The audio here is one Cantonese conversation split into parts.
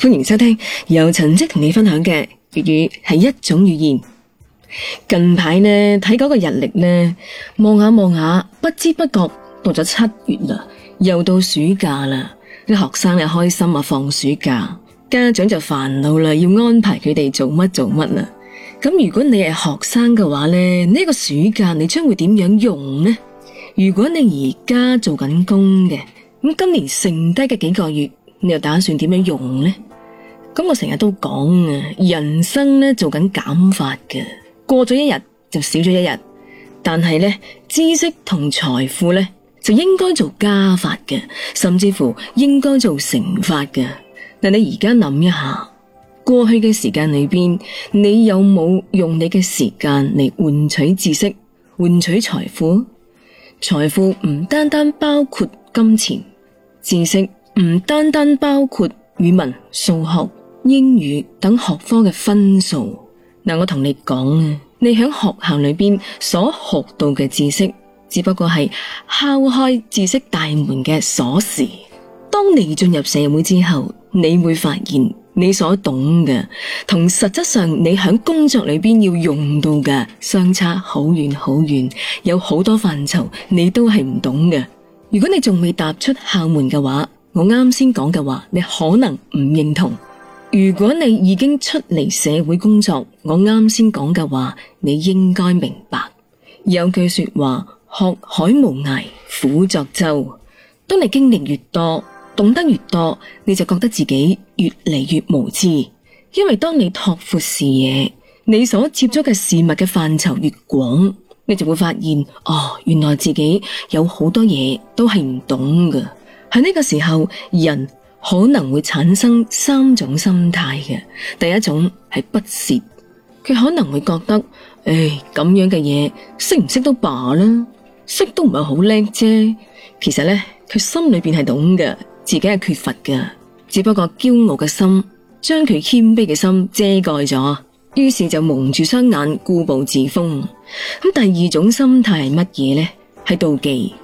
歡迎收聽由陳叔同你分享嘅粵語係一種語言。近排呢，睇嗰個日曆呢，望下望下，不知不覺到咗七月啦，又到暑假啦。啲學生又開心啊，放暑假，家長就煩惱啦，要安排佢哋做乜做乜啊。咁如果你係學生嘅話呢，呢個暑假你將會點樣用呢？如果你而家做緊工嘅，咁今年剩低嘅幾個月，你又打算點樣用呢？咁我成日都講啊，人生咧做緊減法嘅，過咗一日就少咗一日。但係咧，知識同財富咧就應該做加法嘅，甚至乎應該做乘法嘅。但你而家諗一下，過去嘅時間裏邊，你有冇用你嘅時間嚟換取知識、換取財富？財富唔單單包括金錢，知識唔單單包括語文、數學。英語等學科嘅分數，嗱，我同你講啊，你喺學校裏邊所學到嘅知識，只不過係敲開知識大門嘅鎖匙。當你進入社會之後，你會發現你所懂嘅同實質上你喺工作裏邊要用到嘅相差好遠好遠，有好多範疇你都係唔懂嘅。如果你仲未踏出校門嘅話，我啱先講嘅話，你可能唔認同。如果你已經出嚟社會工作，我啱先講嘅話，你應該明白。有句說話，學海無涯苦作舟。當你經歷越多，懂得越多，你就覺得自己越嚟越無知。因為當你拓闊視野，你所接觸嘅事物嘅範疇越廣，你就會發現哦，原來自己有好多嘢都係唔懂嘅。喺呢個時候，人。可能會產生三種心態嘅，第一種係不屑。佢可能會覺得，唉，咁樣嘅嘢，識唔識都罷啦，識都唔係好叻啫。其實咧，佢心裏邊係懂嘅，自己係缺乏嘅，只不過驕傲嘅心將佢謙卑嘅心遮蓋咗，於是就蒙住雙眼，固步自封。咁，第二種心態係乜嘢咧？係妒忌。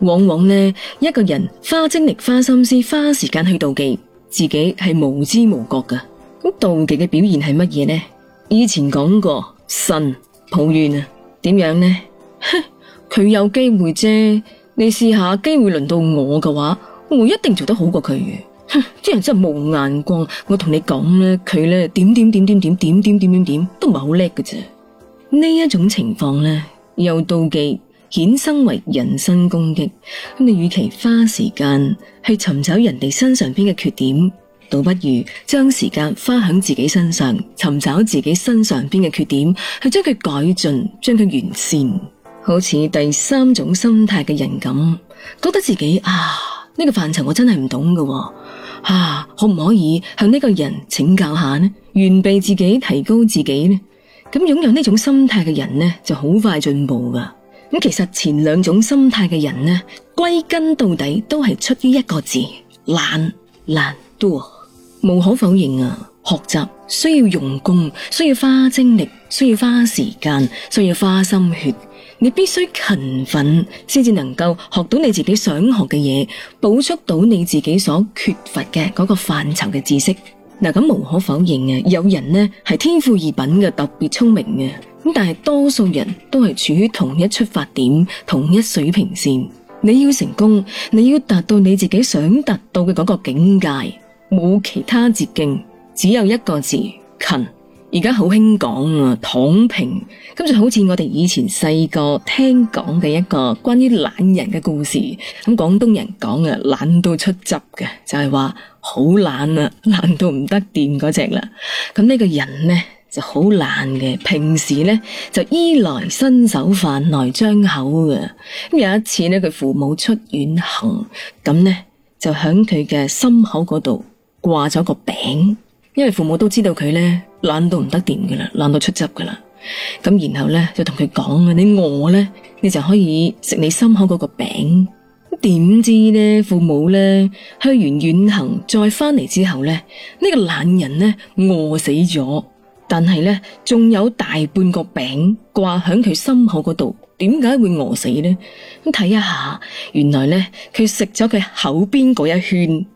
往往呢，一個人花精力、花心思、花時間去妒忌，自己係無知無覺噶。咁妒忌嘅表現係乜嘢呢？以前講過，神抱怨啊，點樣呢？哼，佢有機會啫。你試下機會輪到我嘅話，我一定做得好過佢。哼，啲人真係冇眼光。我同你講呢，佢呢，點點點點點點點點點點都唔係好叻嘅啫。呢一種情況呢，又妒忌。衍生為人身攻擊。咁你與其花時間去尋找人哋身上邊嘅缺點，倒不如將時間花響自己身上，尋找自己身上邊嘅缺點，去將佢改進，將佢完善。好似第三種心態嘅人咁，覺得自己啊呢個範疇我真係唔懂噶，啊，可唔可以向呢個人請教下呢？完備自己，提高自己呢？咁擁有呢種心態嘅人呢，就好快進步噶。咁其實前兩種心態嘅人呢，歸根到底都係出於一個字懶，懶惰。無可否認啊，學習需要用功，需要花精力，需要花時間，需要花心血。你必須勤奮，先至能夠學到你自己想學嘅嘢，補充到你自己所缺乏嘅嗰個範疇嘅知識。嗱，咁無可否認嘅，有人呢係天賦異稟嘅，特別聰明嘅。咁但係多數人都係處於同一出發點、同一水平線。你要成功，你要達到你自己想達到嘅嗰個境界，冇其他捷徑，只有一個字：勤。而家好興講啊躺平，咁就好似我哋以前細個聽講嘅一個關於懶人嘅故事。咁廣東人講啊懶到出汁嘅，就係話好懶啊，懶到唔得掂嗰隻啦。咁呢個人咧就好懶嘅，平時咧就衣來伸手飯來張口嘅。有一次咧，佢父母出遠行，咁咧就響佢嘅心口嗰度掛咗個餅，因為父母都知道佢咧。懶到唔得掂嘅啦，懶到出汁嘅啦。咁然後咧就同佢講：你餓咧，你就可以食你心口嗰個餅。點知咧，父母咧去完遠行再返嚟之後咧，呢個懶人咧餓死咗。但係呢，仲有大半個餅掛喺佢心口嗰度。點解會餓死呢？咁睇一下，原來咧佢食咗佢口邊嗰一圈。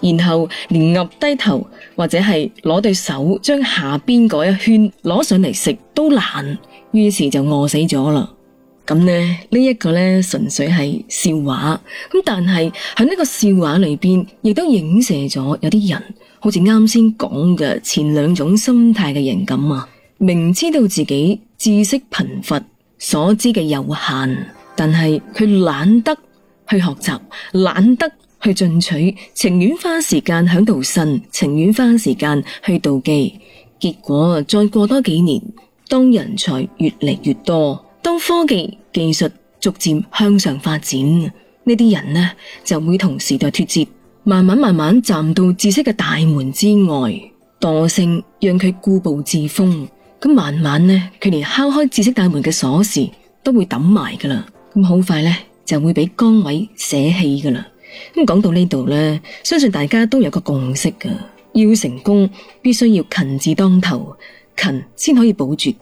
然後連岌低頭或者係攞對手將下邊嗰一圈攞上嚟食都難，於是就餓死咗啦。咁呢呢一個呢純粹係笑話，咁但係喺呢個笑話裏邊亦都影射咗有啲人，好似啱先講嘅前兩種心態嘅人咁啊，明知道自己知識貧乏，所知嘅有限，但係佢懶得去學習，懶得。去進取，情願花時間響度呻，情願花時間去妒忌。結果再過多幾年，當人才越嚟越多，當科技技術逐漸向上發展，呢啲人呢就會同時代脫節，慢慢慢慢站到知識嘅大門之外，惰性讓佢固步自封。咁慢慢呢，佢連敲開知識大門嘅鎖匙都會抌埋噶啦。咁好快呢就會俾崗位捨棄噶啦。咁講到呢度咧，相信大家都有個共識噶，要成功必須要勤字當頭，勤先可以補拙，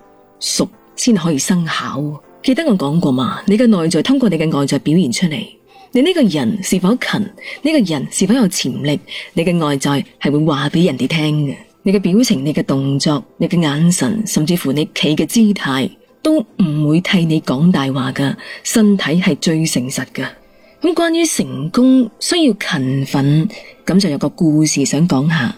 熟先可以生巧。記得我講過嘛，你嘅內在通過你嘅外在表現出嚟，你呢個人是否勤，呢、這個人是否有潛力，你嘅外在係會話俾人哋聽嘅，你嘅表情、你嘅動作、你嘅眼神，甚至乎你企嘅姿態，都唔會替你講大話噶，身體係最誠實噶。咁關於成功需要勤奮，咁就有個故事想講下。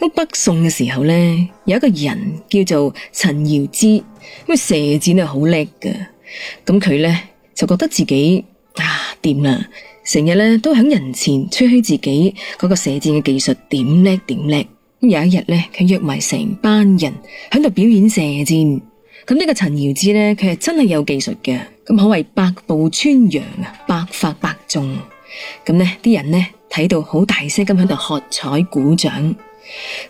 北宋嘅時候呢，有一個人叫做陳堯咨，咁射箭係好叻噶。咁佢呢，就覺得自己啊掂啦，成日呢都喺人前吹噓自己嗰個射箭嘅技術點叻點叻。咁有一日呢，佢約埋成班人喺度表演射箭。咁呢個陳堯咨呢，佢係真係有技術嘅。咁可謂百步穿楊，百發百中。咁咧，啲人咧睇到好大聲咁喺度喝彩鼓掌。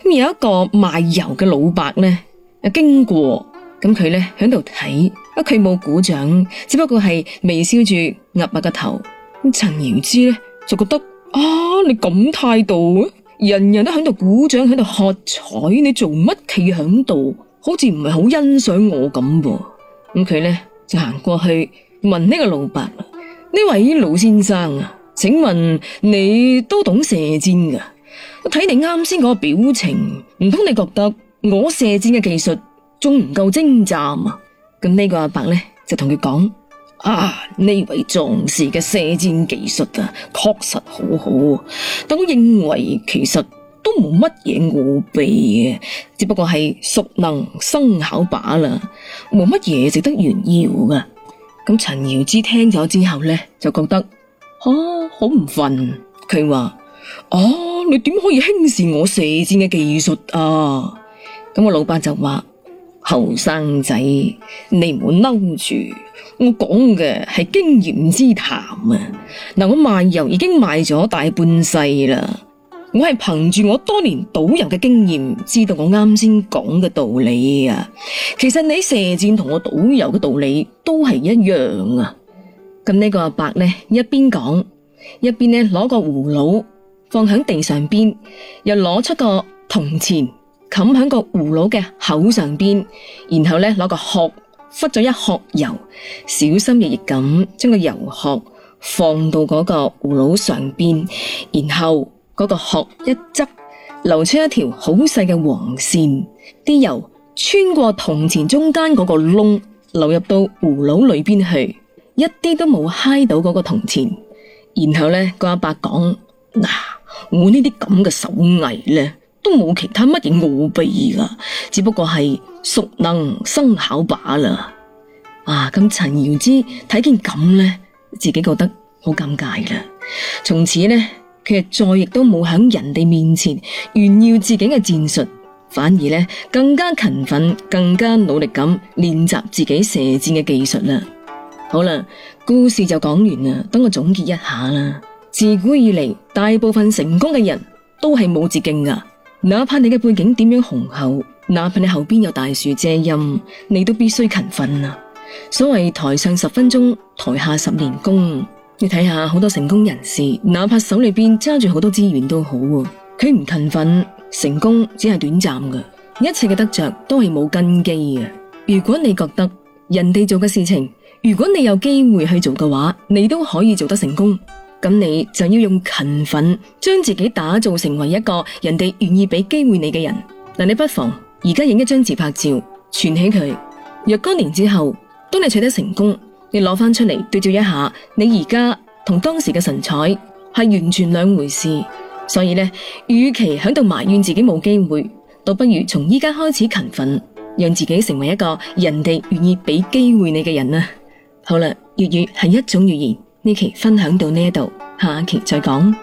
咁有一個賣油嘅老伯咧，經過，咁佢咧喺度睇，啊佢冇鼓掌，只不過係微笑住壓下個頭。陳堯之咧就覺得啊，你咁態度，人人都喺度鼓掌喺度喝彩，你做乜企喺度？好似唔係好欣賞我咁噃。咁佢咧。就行過去問呢個老伯，呢位老先生啊，請問你都懂射箭㗎？我睇你啱先嗰個表情，唔通你覺得我射箭嘅技術仲唔夠精湛啊？咁呢個阿伯咧就同佢講：啊，呢位壯士嘅射箭技術啊，確實好好，但我認為其實。都冇乜嘢傲弊嘅，只不過係熟能生巧把啦，冇乜嘢值得炫耀噶。咁陳瑤之聽咗之後咧，就覺得吓好唔忿，佢、啊、話：哦、啊，你點可以輕視我射箭嘅技術啊？咁我老伯就話：後生仔，你唔好嬲住，我講嘅係經驗之談啊！嗱，我賣油已經賣咗大半世啦。我係憑住我多年導遊嘅經驗，知道我啱先講嘅道理啊。其實你射箭同我導遊嘅道理都係一樣啊。咁呢個阿伯呢一邊講，一邊呢攞個葫蘆放喺地上邊，又攞出個銅錢冚喺個葫蘆嘅口上邊，然後呢攞個殼，忽咗一殼油，小心翼翼咁將個油殼放到嗰個葫蘆上邊，然後。嗰個殼一側流出一條好細嘅黃線，啲油穿過銅錢中間嗰個窿流入到葫蘆裏邊去，一啲都冇揩到嗰個銅錢。然後咧，個阿伯講：嗱、啊，我這這呢啲咁嘅手藝咧，都冇其他乜嘢奧秘㗎，只不過係熟能生巧罷啦。啊，咁陳堯咨睇見咁咧，自己覺得好尷尬啦。從此咧。佢再亦都冇響人哋面前炫耀自己嘅戰術，反而咧更加勤奮、更加努力咁練習自己射箭嘅技術啦。好啦，故事就講完啦，等我總結一下啦。自古以嚟，大部分成功嘅人都係冇捷徑噶，哪怕你嘅背景點樣雄厚，哪怕你後邊有大樹遮蔭，你都必須勤奮啊。所謂台上十分鐘，台下十年功。你睇下好多成功人士，哪怕手裏邊揸住好多資源都好，佢唔勤奮，成功只係短暫嘅，一切嘅得着都係冇根基嘅。如果你覺得人哋做嘅事情，如果你有機會去做嘅話，你都可以做得成功，咁你就要用勤奮將自己打造成為一個人哋願意俾機會你嘅人。嗱，你不妨而家影一張自拍照，傳起佢。若干年之後，當你取得成功，你攞翻出嚟對照一下，你而家同當時嘅神采係完全兩回事，所以呢，與其響度埋怨自己冇機會，倒不如從依家開始勤奮，讓自己成為一個人哋願意俾機會你嘅人啊！好啦，粵語係一種語言，呢期分享到呢一度，下期再講。